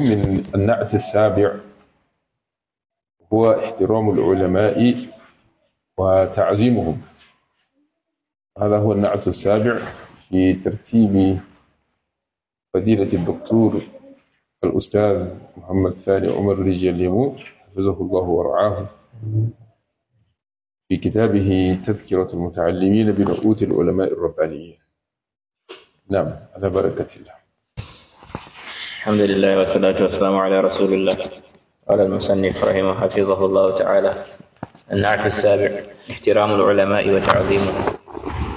من النعت السابع هو احترام العلماء وتعظيمهم هذا هو النعت السابع في ترتيب فضيلة الدكتور الأستاذ محمد ثاني عمر رجاليمو حفظه الله ورعاه في كتابه تذكرة المتعلمين بنعوت العلماء الربانيين نعم على بركة الله الحمد لله والصلاة والسلام على رسول الله قال المصنف رحمه حفظه الله تعالى النعت السابع احترام العلماء وتعظيمهم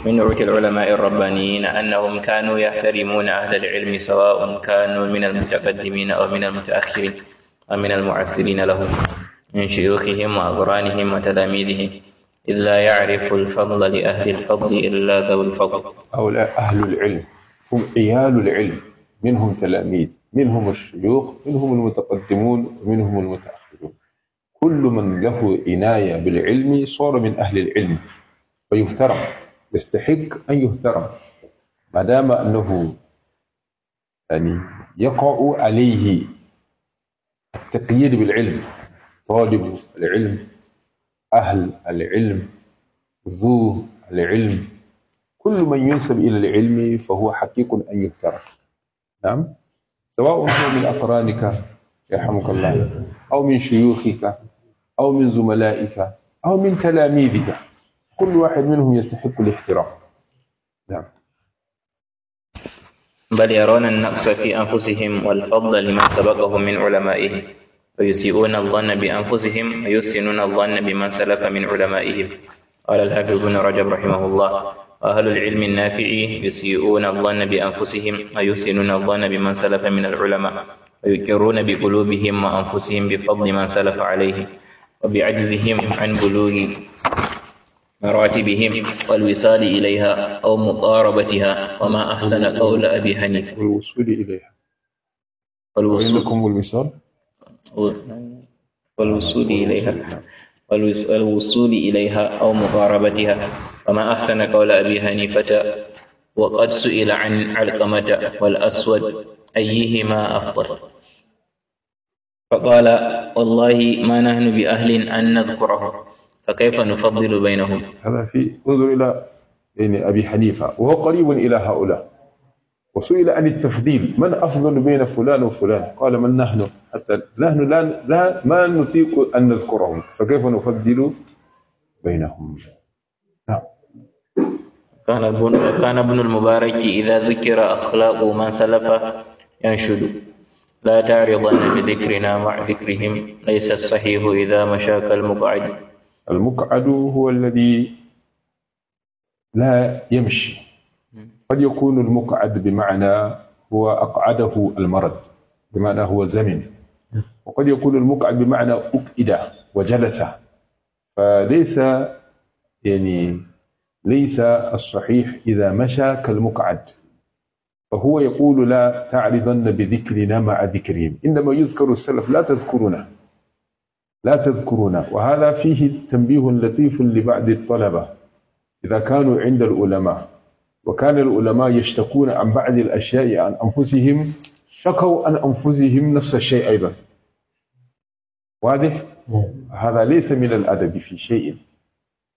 من نعوت العلماء الربانيين أنهم كانوا يحترمون أهل العلم سواء كانوا من المتقدمين أو من المتأخرين أو من المعسرين لهم من شيوخهم وأقرانهم وتلاميذهم إذ لا يعرف الفضل لأهل الفضل إلا ذو الفضل أو لا أهل العلم هم عيال العلم منهم تلاميذ منهم الشيوخ منهم المتقدمون ومنهم المتأخرون كل من له عناية بالعلم صار من أهل العلم فيهترم يستحق أن يهترم ما دام أنه يعني يقع عليه التقييد بالعلم طالب العلم أهل العلم ذو العلم كل من ينسب إلى العلم فهو حقيق أن يهترم نعم سواء هو من أقرانك يرحمك الله أو من شيوخك أو من زملائك أو من تلاميذك كل واحد منهم يستحق الاحترام نعم بل يرون النقص في أنفسهم والفضل لمن سبقهم من علمائهم ويسيئون الظن بأنفسهم ويحسنون الظن بمن سلف من علمائهم قال الحافظ بن رجب رحمه الله أهل العلم النافع يسيئون الظن بأنفسهم ويحسنون الظن بمن سلف من العلماء ويكرون بقلوبهم وأنفسهم بفضل من سلف عليه وبعجزهم عن بلوغ مراتبهم والوصال إليها أو مقاربتها وما أحسن قول أبي حنيفة والوصول إليها والوصول لكم والوصول إليها والوصول إليها أو مقاربتها فما أحسن قول أبي حنيفة وقد سئل عن علقمة والأسود أيهما أفضل فقال والله ما نحن بأهل أن نذكره فكيف نفضل بينهم هذا في انظر إلى يعني أبي حنيفة وهو قريب إلى هؤلاء وسئل عن التفضيل من أفضل بين فلان وفلان قال من نحن حتى نحن لا, لا ما نطيق أن نذكرهم فكيف نفضل بينهم كان ابن كان ابن المبارك إذا ذكر أخلاق من سلف ينشد لا تعرضن بذكرنا مع ذكرهم ليس الصحيح إذا مشاك المقعد المقعد هو الذي لا يمشي قد يكون المقعد بمعنى هو أقعده المرض بمعنى هو زمن وقد يكون المقعد بمعنى أقعد وجلس فليس يعني ليس الصحيح إذا مشى كالمقعد فهو يقول لا تعرضن بذكرنا مع ذكرهم إنما يذكر السلف لا تذكرنا لا تذكرنا وهذا فيه تنبيه لطيف لبعض الطلبة إذا كانوا عند العلماء وكان العلماء يشتكون عن بعض الأشياء عن أنفسهم شكوا عن أنفسهم نفس الشيء أيضا واضح؟ نعم. هذا ليس من الأدب في شيء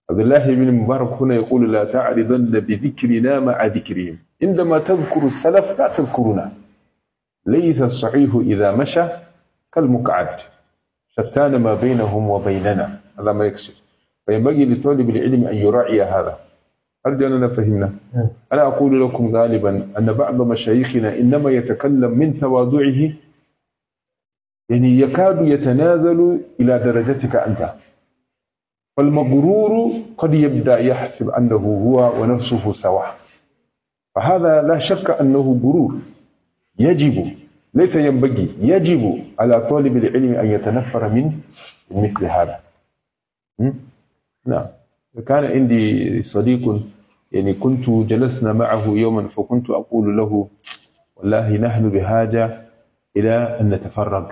عبد الله بن المبارك هنا يقول لا تعرضن بذكرنا مع ذكرهم عندما تذكر السلف لا تذكرنا ليس الصحيح إذا مشى كالمقعد شتان ما بينهم وبيننا هذا ما يكسر فينبغي لطالب العلم أن يراعي هذا أرجو أننا فهمنا نعم. أنا أقول لكم غالبا أن بعض مشايخنا إنما يتكلم من تواضعه يعني يكاد يتنازل إلى درجتك أنت فالمغرور قد يبدأ يحسب أنه هو ونفسه سواء فهذا لا شك أنه غرور يجب ليس ينبغي يجب على طالب العلم أن يتنفر من مثل هذا نعم كان عندي صديق يعني كنت جلسنا معه يوما فكنت أقول له والله نحن بحاجة إلى أن نتفرغ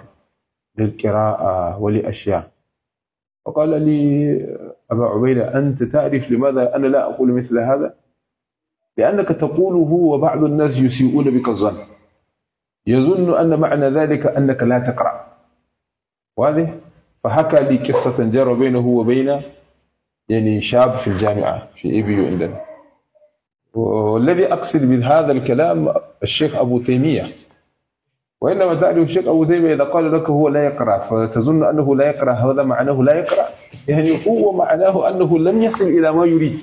للقراءة ولأشياء فقال لي أبا عبيدة أنت تعرف لماذا أنا لا أقول مثل هذا لأنك تقوله وبعض الناس يسيئون بك الظن يظن أن معنى ذلك أنك لا تقرأ وهذه فحكى لي قصة جرى بينه وبين يعني شاب في الجامعة في إي بي عندنا والذي أقصد بهذا الكلام الشيخ أبو تيمية وإنما تعرف الشيخ أبو تيمية إذا قال لك هو لا يقرأ فتظن أنه لا يقرأ هذا معناه لا يقرأ يعني هو معناه أنه لم يصل إلى ما يريد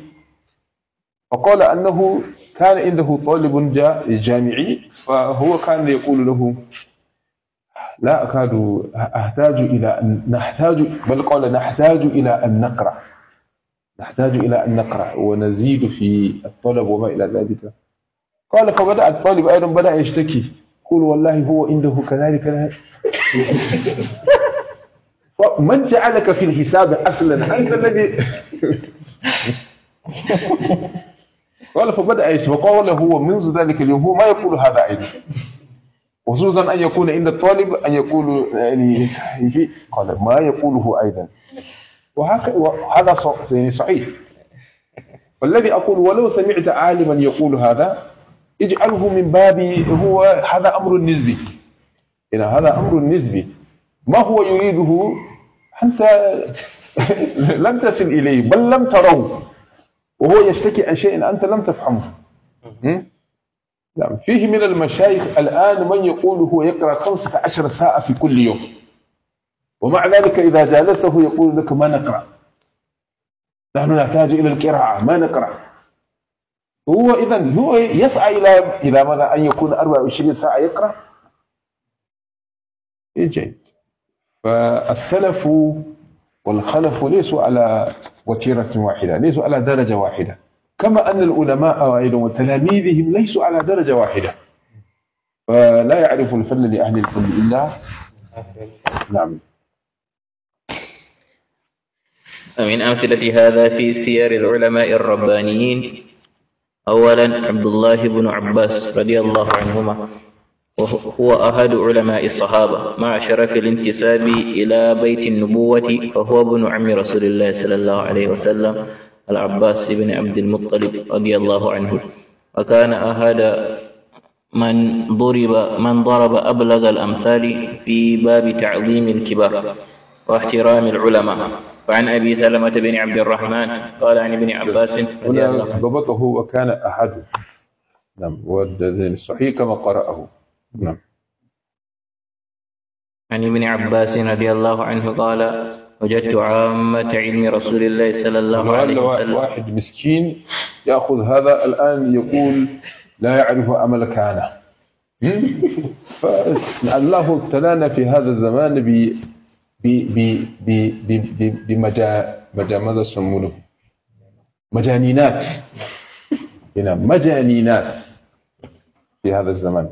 وقال أنه كان عنده طالب جامعي فهو كان يقول له لا أكاد أحتاج إلى أن نحتاج بل قال نحتاج إلى أن نقرأ نحتاج إلى أن نقرأ ونزيد في الطلب وما إلى ذلك قال فبدأ الطالب أيضا بدأ يشتكي قول والله هو عنده كذلك من جعلك في الحساب اصلا انت الذي قال فبدا يشفق وقال هو منذ ذلك اليوم هو ما يقول هذا ايضا خصوصا ان يكون عند الطالب ان يقول يعني في قال ما يقوله ايضا وهذا يعني صحيح والذي اقول ولو سمعت عالما يقول هذا اجعله من باب هو هذا أمر نسبي إلى هذا أمر نسبي ما هو يريده أنت لم تصل إليه بل لم تروه وهو يشتكي عن شيء أنت لم تفهمه نعم فيه من المشايخ الآن من يقول هو يقرأ 15 ساعة في كل يوم ومع ذلك إذا جالسته يقول لك ما نقرأ نحن نحتاج إلى القراءة ما نقرأ هو إذا هو يسعى إلى إلى ماذا أن يكون 24 ساعة يقرأ إيه جيد فالسلف والخلف ليسوا على وتيرة واحدة ليسوا على درجة واحدة كما أن العلماء أيضا وتلاميذهم ليسوا على درجة واحدة فلا يعرف الفن لأهل الفن إلا نعم من أمثلة هذا في سير العلماء الربانيين أولا عبد الله بن عباس رضي الله عنهما وهو أحد علماء الصحابة مع شرف الانتساب إلى بيت النبوة فهو ابن عم رسول الله صلى الله عليه وسلم العباس بن عبد المطلب رضي الله عنه وكان أحد من ضرب من ضرب أبلغ الأمثال في باب تعظيم الكبار واحترام العلماء وعن أبي سلمة بن عبد الرحمن قال عن ابن عباس هنا ضبطه وكان أحد نعم الصحيح كما قرأه نعم عن ابن عباس رضي الله عنه قال وجدت عامة علم رسول الله صلى الله عليه وسلم واحد مسكين يأخذ هذا الآن يقول لا يعرف أمل كان الله ابتلانا في هذا الزمان بمجا مجا ماذا يسمونه مجانينات هنا مجانينات في هذا الزمان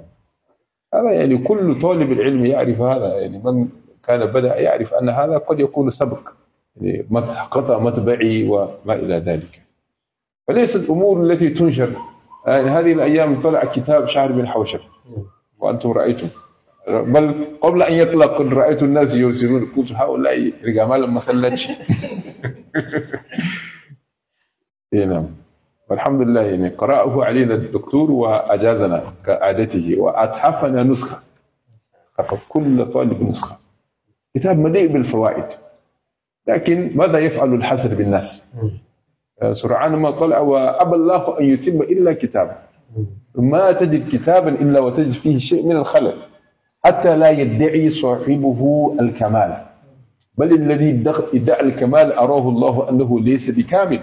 هذا يعني كل طالب العلم يعرف هذا يعني من كان بدأ يعرف أن هذا قد يكون سبق يعني قطع متبعي وما إلى ذلك فليس الأمور التي تنشر يعني هذه الأيام طلع كتاب شعر بن حوشب وأنتم رأيتم بل قبل ان يطلق قد رايت الناس يرسلون قلت هؤلاء رجال سلتش اي نعم والحمد لله يعني قرأه علينا الدكتور واجازنا كعادته واتحفنا نسخه فكل طالب نسخه كتاب مليء بالفوائد لكن ماذا يفعل الحسد بالناس؟ سرعان ما طلع وابى الله ان يتم الا كتاب ما تجد كتابا الا وتجد فيه شيء من الخلل حتى لا يدعي صاحبه الكمال بل الذي ادعى الكمال أراه الله أنه ليس بكامل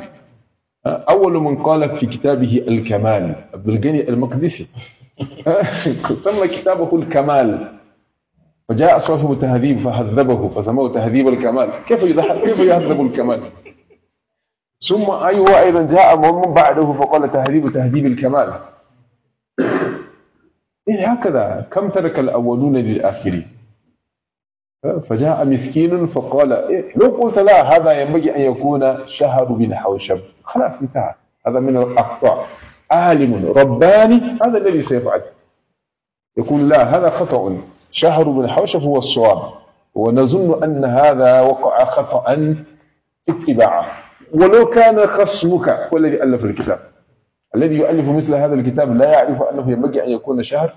أه؟ أول من قال في كتابه الكمال عبد الغني المقدسي أه؟ سمى كتابه الكمال فجاء صاحب تهذيب فهذبه فسموه تهذيب الكمال كيف كيف يهذب الكمال؟ ثم أيوة أيضا جاء من بعده فقال تهذيب تهذيب الكمال إيه هكذا كم ترك الأولون للآخرين فجاء مسكين فقال إيه لو قلت لا هذا ينبغي أن يكون شهر بن حوشب خلاص انتهى هذا من الأخطاء عالم رباني هذا الذي سيفعل يقول لا هذا خطأ شهر بن حوشب هو الصواب ونظن أن هذا وقع خطأ اتباعه ولو كان خصمك هو الذي ألف الكتاب الذي يؤلف مثل هذا الكتاب لا يعرف أنه ينبغي أن يكون شهر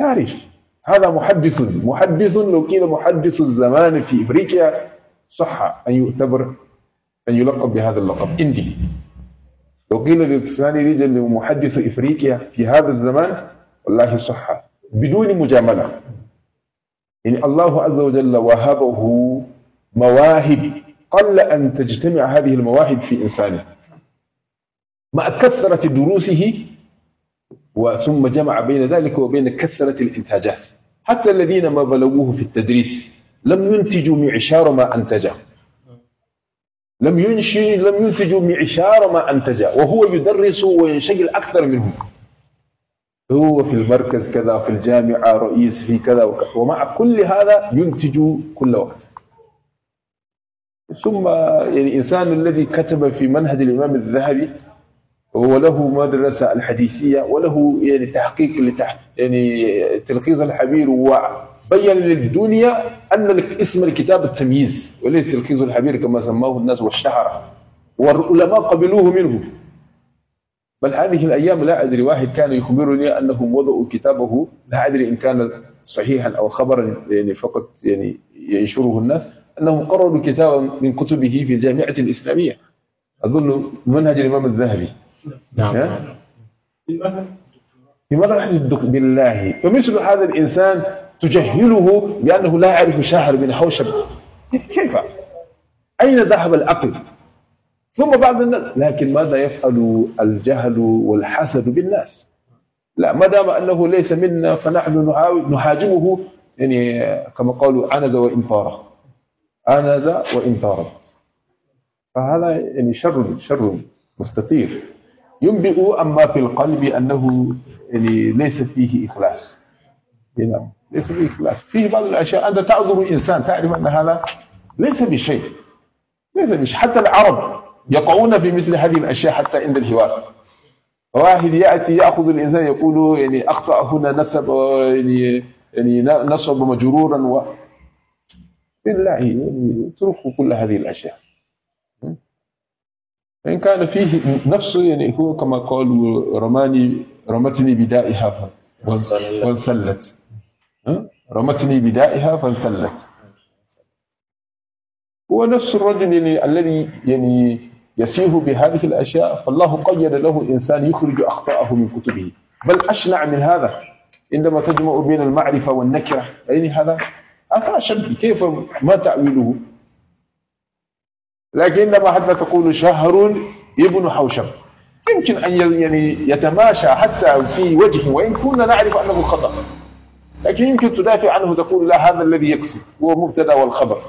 يعرف هذا محدث محدث لو قيل محدث الزمان في إفريقيا صح أن يعتبر أن يلقب بهذا اللقب إندي لو قيل للثاني رجل محدث إفريقيا في هذا الزمان والله صح بدون مجاملة يعني الله عز وجل وهبه مواهب قل أن تجتمع هذه المواهب في إنسانه مع كثرة دروسه وثم جمع بين ذلك وبين كثرة الإنتاجات حتى الذين ما بلغوه في التدريس لم ينتجوا معشار ما أنتجه لم ينشي لم ينتجوا معشار ما أنتجه وهو يدرس وينشغل أكثر منهم هو في المركز كذا في الجامعة رئيس في كذا وكذا ومع كل هذا ينتج كل وقت ثم يعني الإنسان الذي كتب في منهج الإمام الذهبي هو له مدرسة الحديثية وله يعني تحقيق لتح يعني تلخيص الحبير وبين للدنيا أن اسم الكتاب التمييز وليس تلخيص الحبير كما سماه الناس واشتهر والعلماء قبلوه منه بل هذه الأيام لا أدري واحد كان يخبرني أنهم وضعوا كتابه لا أدري إن كان صحيحا أو خبرا يعني فقط يعني ينشره الناس أنهم قرروا كتابا من كتبه في الجامعة الإسلامية أظن منهج الإمام الذهبي نعم لماذا نحدث بالله فمثل هذا الإنسان تجهله بأنه لا يعرف شاعر من حوشب كيف أين ذهب العقل ثم بعض الناس لكن ماذا يفعل الجهل والحسد بالناس لا ما دام أنه ليس منا فنحن نحاجمه يعني كما قالوا عنز وإن طار عنز وإن طارت فهذا يعني شر شر مستطير ينبئ أما في القلب أنه يعني ليس فيه إخلاص يعني ليس فيه إخلاص فيه بعض الأشياء أنت تعذر الإنسان تعرف أن هذا ليس بشيء ليس بشيء حتى العرب يقعون في مثل هذه الأشياء حتى عند الحوار واحد يأتي يأخذ الإنسان يقول يعني أخطأ هنا نسب يعني يعني نصب مجرورا و بالله يعني اتركوا كل هذه الأشياء إن كان فيه نفسه يعني هو كما قالوا رماني رمتني بدائها فانسلت رمتني بدائها فانسلت هو نفس الرجل يعني الذي يعني يسيه بهذه الأشياء فالله قيد له إنسان يخرج أخطاءه من كتبه بل أشنع من هذا عندما تجمع بين المعرفة والنكرة يعني هذا هذا كيف ما تأويله لكن لما حتى تقول شهر ابن حوشب يمكن أن يعني يتماشى حتى في وجهه وإن كنا نعرف أنه خطأ لكن يمكن تدافع عنه تقول لا هذا الذي يقصد هو مبتدا والخبر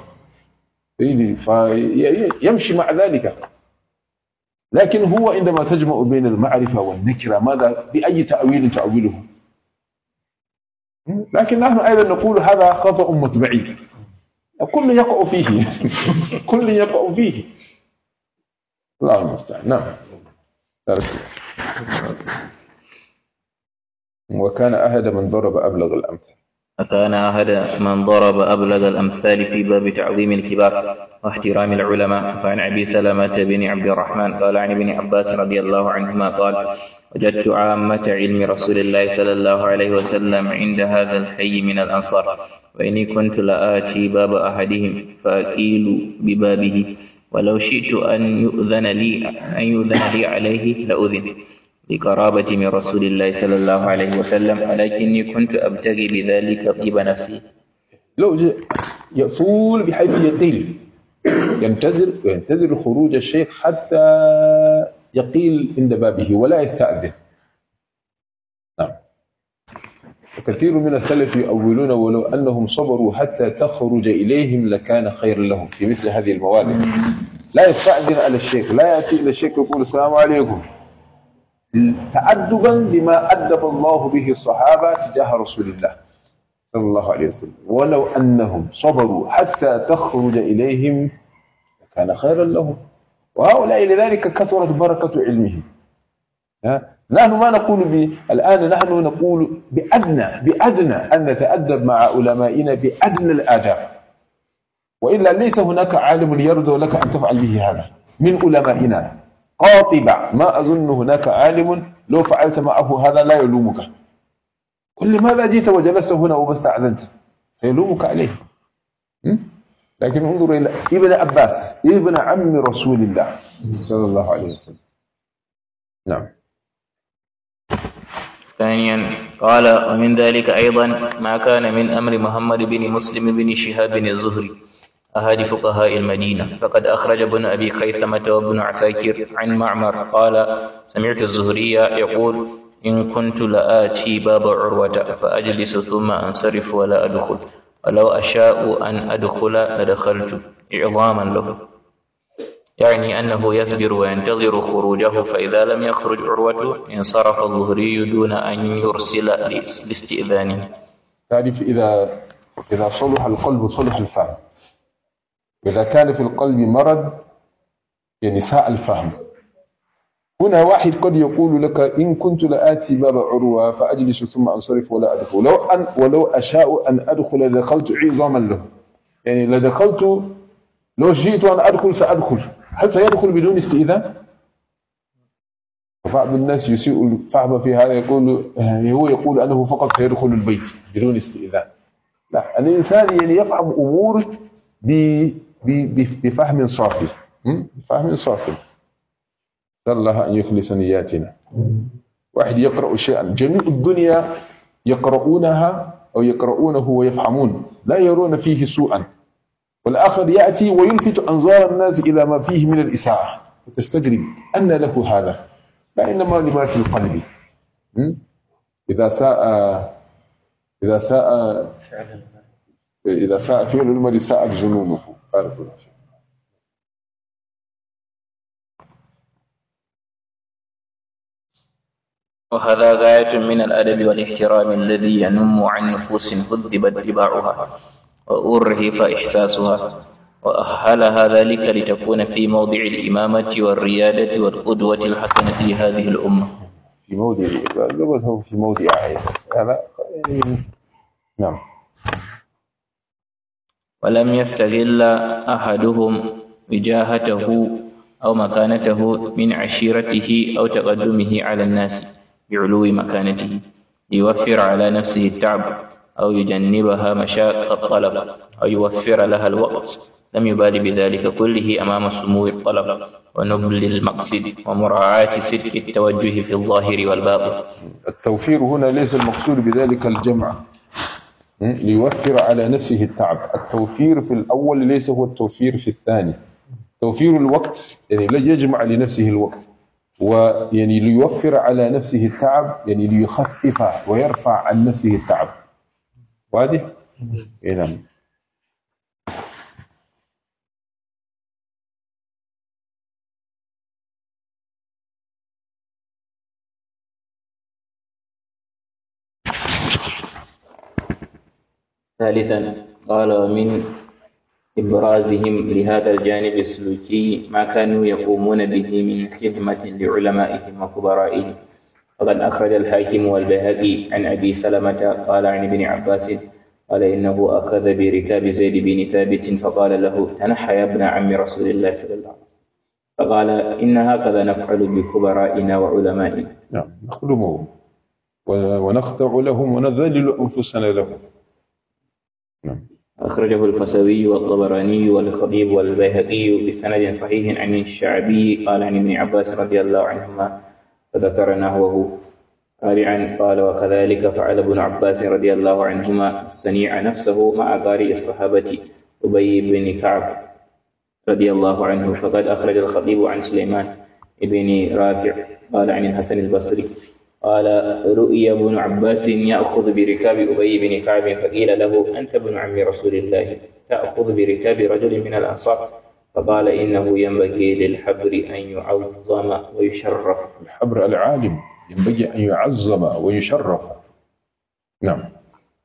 فيمشي مع ذلك لكن هو عندما تجمع بين المعرفة والنكرة ماذا بأي تأويل تأويله لكن نحن أيضا نقول هذا خطأ متبعي كل يقع فيه كل يقع فيه الله المستعان نعم وكان أهد من ضرب أبلغ الأمثال وكان أهد من ضرب أبلغ الأمثال في باب تعظيم الكبار واحترام العلماء فعن أبي سلمة بن عبد الرحمن قال عن ابن عباس رضي الله عنهما قال وجدت عامة علم رسول الله صلى الله عليه وسلم عند هذا الحي من الأنصار وإني كنت لآتي باب أحدهم فأكيل ببابه ولو شئت أن يؤذن لي أن يؤذن لي عليه لأذن لقرابة من رسول الله صلى الله عليه وسلم ولكني كنت أبتغي بذلك طيب نفسي لو يصول بحيث يدل ينتظر ينتظر خروج الشيخ حتى يقيل عند بابه ولا يستأذن نعم وكثير من السلف يؤولون ولو أنهم صبروا حتى تخرج إليهم لكان خيرا لهم في مثل هذه المواد لا يستأذن على الشيخ لا يأتي إلى الشيخ يقول السلام عليكم تعدبا لما أدب الله به الصحابة تجاه رسول الله صلى الله عليه وسلم ولو أنهم صبروا حتى تخرج إليهم لكان خيرا لهم وهؤلاء لذلك كثرت بركة علمهم نحن ما نقول ب... الآن نحن نقول بأدنى بأدنى أن نتأدب مع علمائنا بأدنى الآداب وإلا ليس هناك عالم يرضى لك أن تفعل به هذا من علمائنا قاطبة ما أظن هناك عالم لو فعلت معه هذا لا يلومك قل لماذا جيت وجلست هنا وما استأذنت سيلومك عليه م? لكن انظر إلى ابن عباس ابن عم رسول الله صلى الله عليه وسلم نعم ثانيا قال ومن ذلك أيضا ما كان من أمر محمد بن مسلم بن شهاب الزهري أحد فقهاء المدينة فقد أخرج ابن أبي خيثمة وابن عساكر عن معمر قال سمعت الزهري يقول إن كنت لآتي باب عروة فأجلس ثم أنصرف ولا أدخل ولو أشاء أن أدخل لدخلت إعظاما له يعني أنه يصبر وينتظر خروجه فإذا لم يخرج عروته انصرف الظهري دون أن يرسل لاستئذانه تعرف إذا إذا صلح القلب صلح الفهم إذا كان في القلب مرض يعني ساء الفهم هنا واحد قد يقول لك إن كنت لآتي باب عروة فأجلس ثم أنصرف ولا أدخل لو أن ولو أشاء أن أدخل لدخلت عظاما له يعني لدخلت لو جئت أن أدخل سأدخل هل سيدخل بدون استئذان؟ بعض الناس يسيء الفهم في هذا يقول هو يقول أنه فقط سيدخل البيت بدون استئذان لا الإنسان يعني يفهم أمور بفهم صافي بفهم صافي نسأل الله أن يخلص نياتنا واحد يقرأ شيئا جميع الدنيا يقرؤونها أو يقرؤونه ويفهمون لا يرون فيه سوءا والآخر يأتي ويلفت أنظار الناس إلى ما فيه من الإساءة فتستجرب أن له هذا لا إنما لما في القلب إذا ساء إذا ساء إذا ساء فعل المال ساء جنونه الله وهذا غاية من الأدب والاحترام الذي ينم عن نفوس هذبت طباعها وأرهف إحساسها وأهلها ذلك لتكون في موضع الإمامة والريادة والقدوة الحسنة لهذه الأمة في موضع قبلهم في موضع نعم ولم يستغل أحدهم وجاهته أو مكانته من عشيرته أو تقدمه على الناس بعلو مكانته ليوفر على نفسه التعب أو يجنبها مشاق الطلب أو يوفر لها الوقت لم يبال بذلك كله أمام سمو الطلب ونبل المقصد ومراعاة سلك التوجه في الظاهر والباطن التوفير هنا ليس المقصود بذلك الجمع ليوفر على نفسه التعب التوفير في الأول ليس هو التوفير في الثاني توفير الوقت يعني يجمع لنفسه الوقت ويعني ليوفر على نفسه التعب يعني ليخفف ويرفع عن نفسه التعب واضح؟ اي نعم ثالثا قال ومن إبرازهم لهذا الجانب السلوكي ما كانوا يقومون به من خدمة لعلمائهم وكبرائهم فقد أخرج الحاكم والبيهقي عن أبي سلمة قال عن ابن عباس قال إنه أخذ بركاب زيد بن ثابت فقال له تنحى يا ابن عم رسول الله صلى الله عليه وسلم فقال إن هكذا نفعل بكبرائنا وعلمائنا نعم نخدمهم ونخضع لهم ونذلل أنفسنا لهم نعم أخرجه الفسوي والطبراني والخطيب والبيهقي بسند صحيح عن الشعبي قال عن ابن عباس رضي الله عنهما فذكر نحوه تابعا قال وكذلك فعل ابن عباس رضي الله عنهما السنيع نفسه مع قارئ الصحابة أبي بن كعب رضي الله عنه فقد أخرج الخطيب عن سليمان بن رافع قال عن الحسن البصري قال رؤي ابن عباس يأخذ بركاب أبي بن كعب فقيل له أنت ابن عم رسول الله تأخذ بركاب رجل من الأنصار فقال إنه ينبغي للحبر أن يعظم ويشرف الحبر العالم ينبغي أن يعظم ويشرف نعم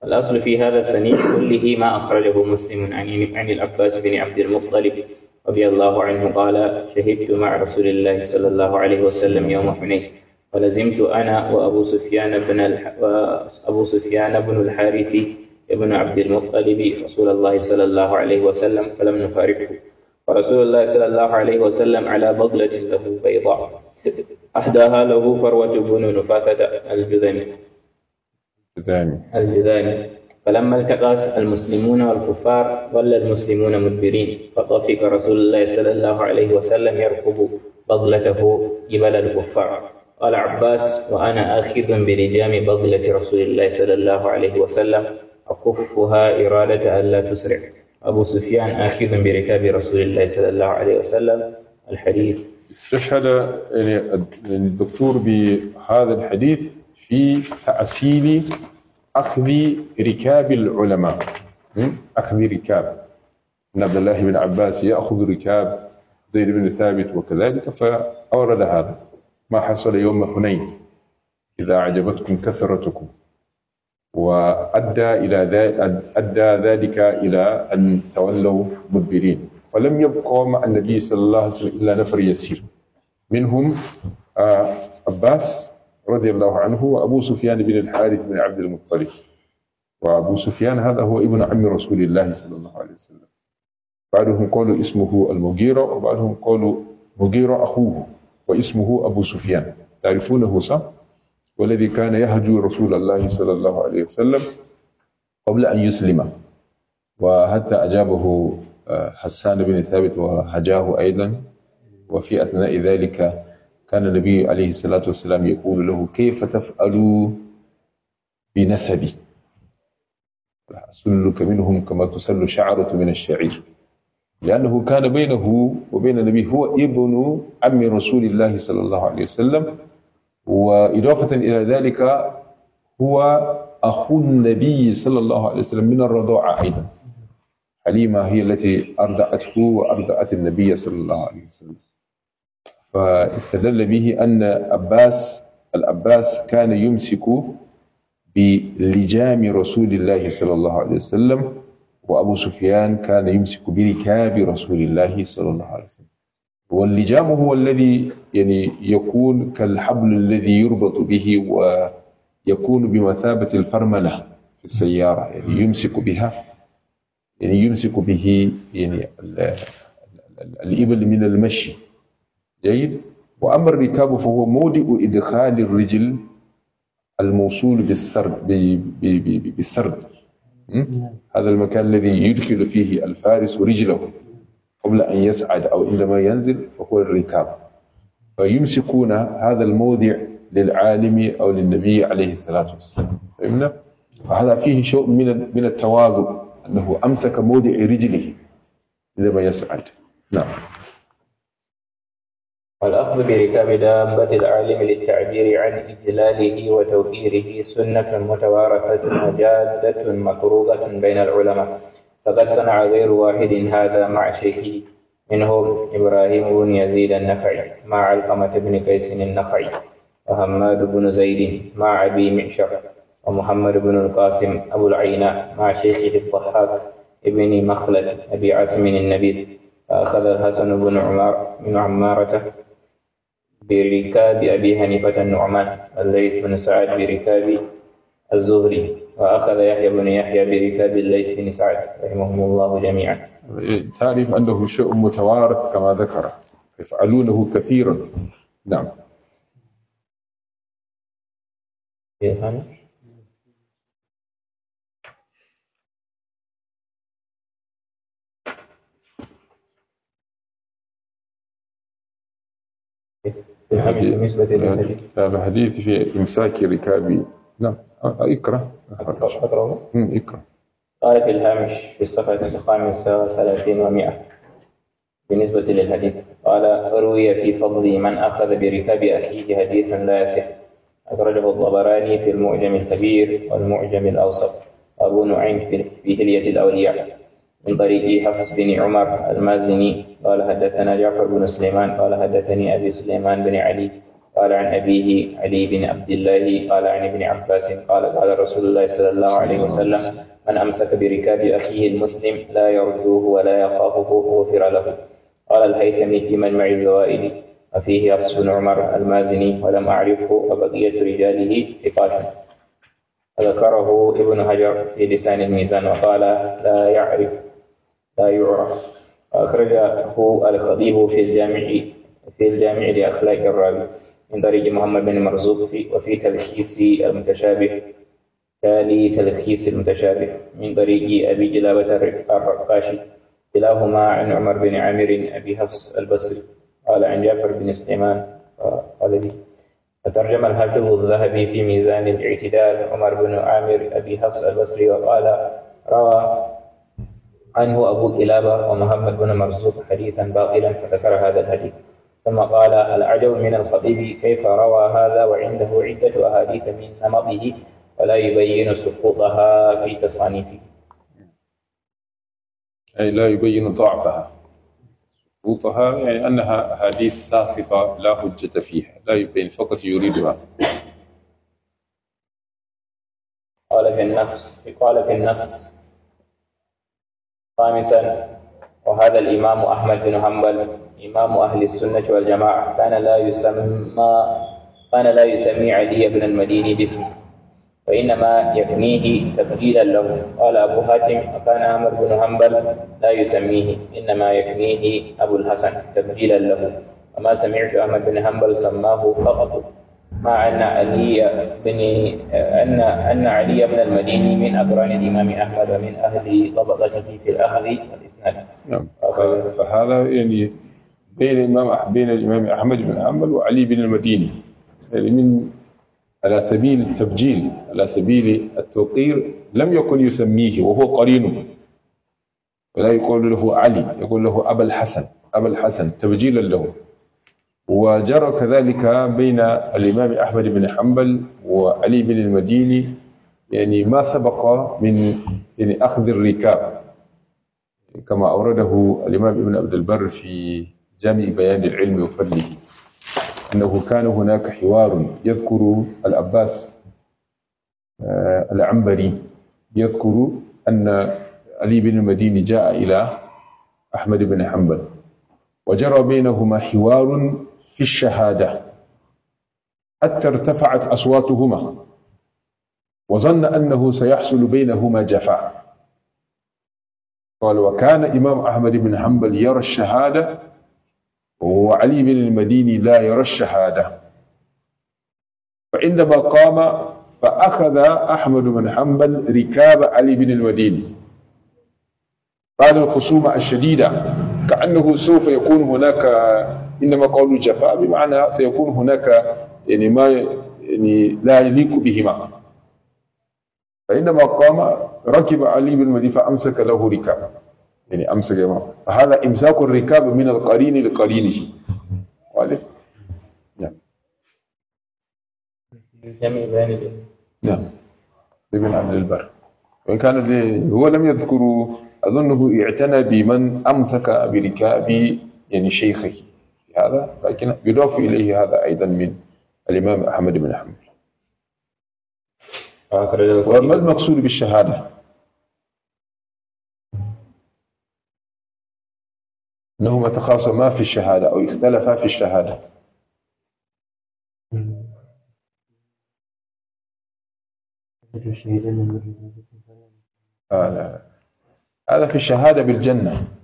الأصل في هذا السنيع كله ما أخرجه مسلم عن عن العباس بن عبد المطلب رضي الله عنه قال شهدت مع رسول الله صلى الله عليه وسلم يوم حنين ولزمت أنا وأبو سفيان بن وأبو سفيان بن الحارث ابن عبد المطلب رسول الله صلى الله عليه وسلم فلم نفارقه ورسول الله صلى الله عليه وسلم على بغلة له بيضاء أهداها له فروة بن نفاثة الجذامي الجذامي الجذامي فلما التقى المسلمون والكفار ظل المسلمون مدبرين فطفق رسول الله صلى الله عليه وسلم يركب بغلته جبل الكفار قال عباس وأنا آخذ بلجام بغلة رسول الله صلى الله عليه وسلم أكفها إرادة ألا تسرع أبو سفيان آخذ بركاب رسول الله صلى الله عليه وسلم الحديث استشهد يعني يعني الدكتور بهذا الحديث في تأسيل أخذ ركاب العلماء أخذ ركاب أن عبد الله بن عباس يأخذ ركاب زيد بن ثابت وكذلك فأورد هذا ما حصل يوم حنين إذا أعجبتكم كثرتكم وأدى إلى أدى ذلك إلى أن تولوا مدبرين فلم يبقى مع النبي صلى الله عليه وسلم إلا نفر يسير منهم آه، عباس رضي الله عنه وأبو سفيان بن الحارث بن عبد المطلب وأبو سفيان هذا هو ابن عم رسول الله صلى الله عليه وسلم بعضهم قالوا اسمه المغيرة وبعضهم قالوا مغيرة أخوه واسمه أبو سفيان تعرفونه صح؟ والذي كان يهجو رسول الله صلى الله عليه وسلم قبل أن يسلم وحتى أجابه آه، حسان بن ثابت وهجاه أيضا وفي أثناء ذلك كان النبي عليه الصلاة والسلام يقول له كيف تفعل بنسبي أسلك منهم كما تسل شعرة من الشعير لأنه كان بينه وبين النبي هو ابن عم رسول الله صلى الله عليه وسلم وإضافة إلى ذلك هو أخو النبي صلى الله عليه وسلم من الرضاعة أيضا حليمة هي التي أرضعته وأرضعت النبي صلى الله عليه وسلم فاستدل به أن عباس العباس كان يمسك بلجام رسول الله صلى الله عليه وسلم وأبو سفيان كان يمسك بركاب رسول الله صلى الله عليه وسلم واللجام هو الذي يعني يكون كالحبل الذي يربط به ويكون بمثابة الفرملة في السيارة يعني يمسك بها يعني يمسك به يعني الإبل من المشي جيد وأما الركاب فهو موضع إدخال الرجل الموصول بالسرد بالسرد هذا المكان الذي يدخل فيه الفارس رجله قبل أن يسعد أو عندما ينزل فهو الركاب فيمسكون هذا الموضع للعالم أو للنبي عليه الصلاة والسلام فهمنا؟ فهذا فيه شيء من من التواضع أنه أمسك موضع رجله عندما يسعد نعم والأخذ بركاب دابة العالم للتعبير عن إجلاله وتوفيره سنة متوارثة وجادة مطروقة بين العلماء فقد صنع غير واحد هذا مع شيخه منهم إبراهيم بن يزيد النخعي مع علقمة بن قيس النخعي وهماد بن زيد مع أبي معشر ومحمد بن القاسم أبو العيناء مع شيخه الضحاك ابن مخلد أبي عاصم النبيل فأخذ الحسن بن عمار من عمارته بركاب أبي حنيفة النعمان الليث بن سعد بركاب الزهري وأخذ يحيى بن يحيى بركاب الليث بن سعد رحمهم الله جميعا تعرف أنه شيء متوارث كما ذكر يفعلونه كثيرا نعم فحديث في إمساك ركابي نعم آه، اقرأ اقرأ اقرأ قال في الهامش في الصفحة الخامسة ثلاثين ومائة بالنسبة للحديث قال روي في فضل من أخذ بركاب أخيه حديثا لا يصح أخرجه الطبراني في المعجم الكبير والمعجم الأوسط وأبو نعيم في هلية الأولياء من طريق حفص بن عمر المازني قال حدثنا جعفر بن سليمان قال حدثني أبي سليمان بن علي قال عن أبيه علي بن عبد الله قال عن ابن عباس قال قال رسول الله صلى الله عليه وسلم من أمسك بركاب أخيه المسلم لا يرجوه ولا يخافه غفر له قال الهيثمي في منمع الزوائد وفيه حفص بن عمر المازني ولم أعرفه وبقية رجاله ثقات ذكره ابن حجر في لسان الميزان وقال لا يعرف لا يعرف أخرجه الخطيب في الجامع في الجامع لأخلاق الرابع من طريق محمد بن مرزوق في وفي تلخيص المتشابه تالي تلخيص المتشابه من طريق أبي جلابة الرقاشي كلاهما عن عمر بن عامر أبي حفص البصري قال عن جعفر بن سليمان قال لي فترجم الحافظ الذهبي في ميزان الاعتدال عمر بن عامر أبي حفص البصري وقال روى عنه أبو كلابة ومحمد بن مرزوق حديثا باطلا فذكر هذا الحديث ثم قال العجب من الخطيب كيف روى هذا وعنده عدة أحاديث من نمطه ولا يبين سقوطها في تصانيفه أي لا يبين ضعفها سقوطها يعني أنها أحاديث ساقطة لا حجة فيها لا يبين فقط يريدها قال في النفس قال في النص خامسا وهذا الإمام أحمد بن حنبل إمام أهل السنة والجماعة كان لا يسمى كان لا يسمي علي بن المديني باسمه وإنما يكنيه تبجيلا له قال أبو حاتم وكان عمر بن حنبل لا يسميه إنما يكنيه أبو الحسن تبجيلا له وما سمعت أحمد بن حنبل سماه فقط مع أن علي بن أن أن علي بن المديني من أقران الإمام أحمد ومن أهل ضبطته في الأخذ والإسناد. نعم فهذا يعني بين الإمام بين الإمام أحمد بن حنبل وعلي بن المديني يعني من على سبيل التبجيل على سبيل التوقير لم يكن يسميه وهو قرينه ولا يقول له علي يقول له أبا الحسن أبا الحسن تبجيلا له وجرى كذلك بين الإمام أحمد بن حنبل وعلي بن المديني يعني ما سبق من يعني أخذ الركاب كما أورده الإمام ابن عبد البر في جامع بيان العلم وفضله أنه كان هناك حوار يذكر العباس آه، العنبري يذكر أن علي بن المديني جاء إلى أحمد بن حنبل وجرى بينهما حوار في الشهادة حتى ارتفعت أصواتهما وظن أنه سيحصل بينهما جفاء قال وكان إمام أحمد بن حنبل يرى الشهادة وعلي بن المديني لا يرى الشهادة فعندما قام فأخذ أحمد بن حنبل ركاب علي بن المديني بعد الخصومة الشديدة كأنه سوف يكون هناك إنما قول جفاء بمعنى سيكون هناك يعني ما يعني لا يليق بهما فإنما قام ركب علي بن مدي فأمسك له ركابه يعني أمسك يمام فهذا إمساك الركاب من القرين لقرينه واضح؟ نعم نعم ابن عبد البر وإن كان هو لم يذكر أظنه اعتنى بمن أمسك بركاب يعني شيخه هذا لكن يضاف إليه هذا أيضا من الإمام أحمد بن حنبل وما المقصود بالشهادة أنهما تخاصما في الشهادة أو اختلفا في الشهادة هذا آه، هذا في الشهادة بالجنة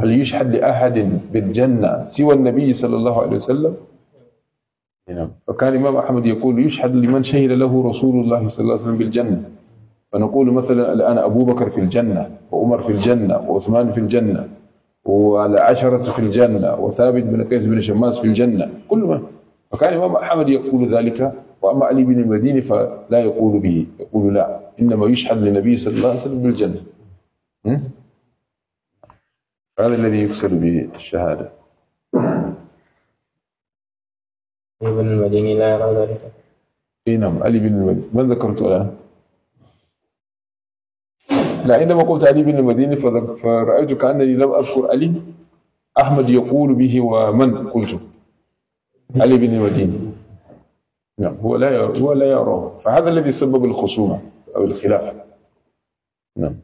هل يشهد لأحد بالجنة سوى النبي صلى الله عليه وسلم فكان نعم. الإمام أحمد يقول يشهد لمن شهد له رسول الله صلى الله عليه وسلم بالجنة فنقول مثلا الآن أبو بكر في الجنة وعمر في الجنة وعثمان في الجنة والعشرة في الجنة وثابت بن قيس بن شماس في الجنة كل ما فكان الإمام أحمد يقول ذلك وأما علي بن المديني فلا يقول به يقول لا إنما يشهد للنبي صلى الله عليه وسلم بالجنة هذا الذي يفسر بالشهادة علي بن المديني لا يرى ذلك اي نعم علي بن المديني من ذكرت الآن؟ لا عندما قلت علي بن المديني فرأيت كأنني لم أذكر علي أحمد يقول به ومن قلت علي بن المديني نعم هو لا هو لا يراه فهذا الذي سبب الخصومة أو الخلاف نعم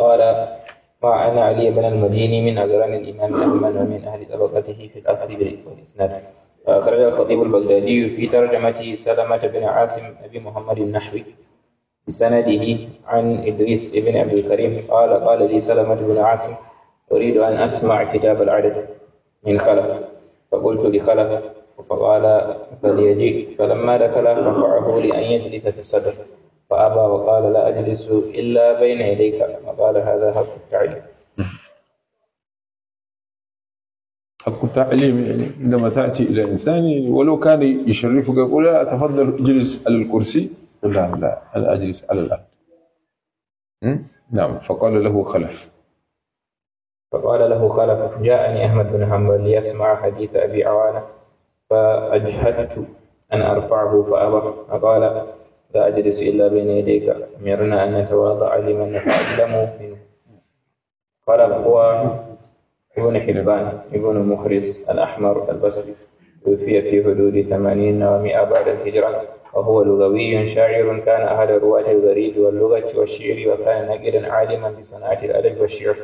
قال مع أن علي بن المديني من أجران الإمام أحمد ومن أهل طبقته في الأخذ والإسناد أخرج الخطيب البغدادي في ترجمة سلمة بن عاصم أبي محمد النحوي بسنده عن إدريس بن عبد الكريم قال قال لي سلمة بن عاصم أريد أن أسمع كتاب العدد من خلف فقلت لخلف فقال فليجيء فلما دخل رفعه لأن يجلس في الصدر فأبى وقال لا أجلس إلا بين يديك وقال هذا حق التعليم حق التعليم يعني عندما تأتي إلى إنسان ولو كان يشرفك يقول لا أتفضل اجلس على الكرسي قل لا لا أنا أجلس على الأرض نعم فقال له خلف فقال له خلف جاءني أحمد بن حنبل ليسمع حديث أبي عوانة فأجهدت أن أرفعه فأبى فقال لا أجلس إلا بين يديك أمرنا أن نتواضع لمن نتعلم منه قال هو ابن حلبان ابن مخرس الأحمر البصري توفي في حدود ثمانين ومائة بعد الهجرة وهو لغوي شاعر كان أحد رواة الغريب واللغة والشعر وكان نقلا عالما بصناعة الأدب والشعر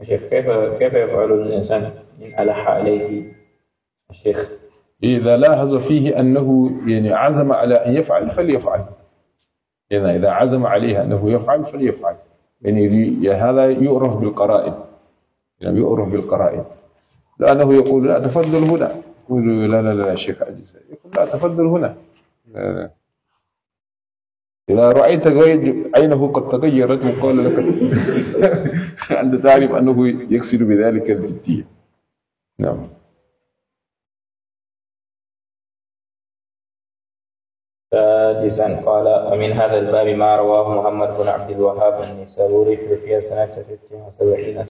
كيف كيف يفعل الإنسان إن ألح عليه الشيخ إذا لاحظ فيه أنه يعني عزم على أن يفعل فليفعل إذا إذا عزم عليها أنه يفعل فليفعل يعني هذا يعرف بالقرائن يعني يعرف بالقرائن لأنه يقول لا تفضل هنا يقول لا لا لا شيخ عجيز يقول لا تفضل هنا لا لا. إذا رأيت عينه قد تغيرت وقال لك أنت تعرف أنه يكسر بذلك الجدية نعم سادسا قال ومن هذا الباب ما رواه محمد بن عبد الوهاب النسابوري في سنة 76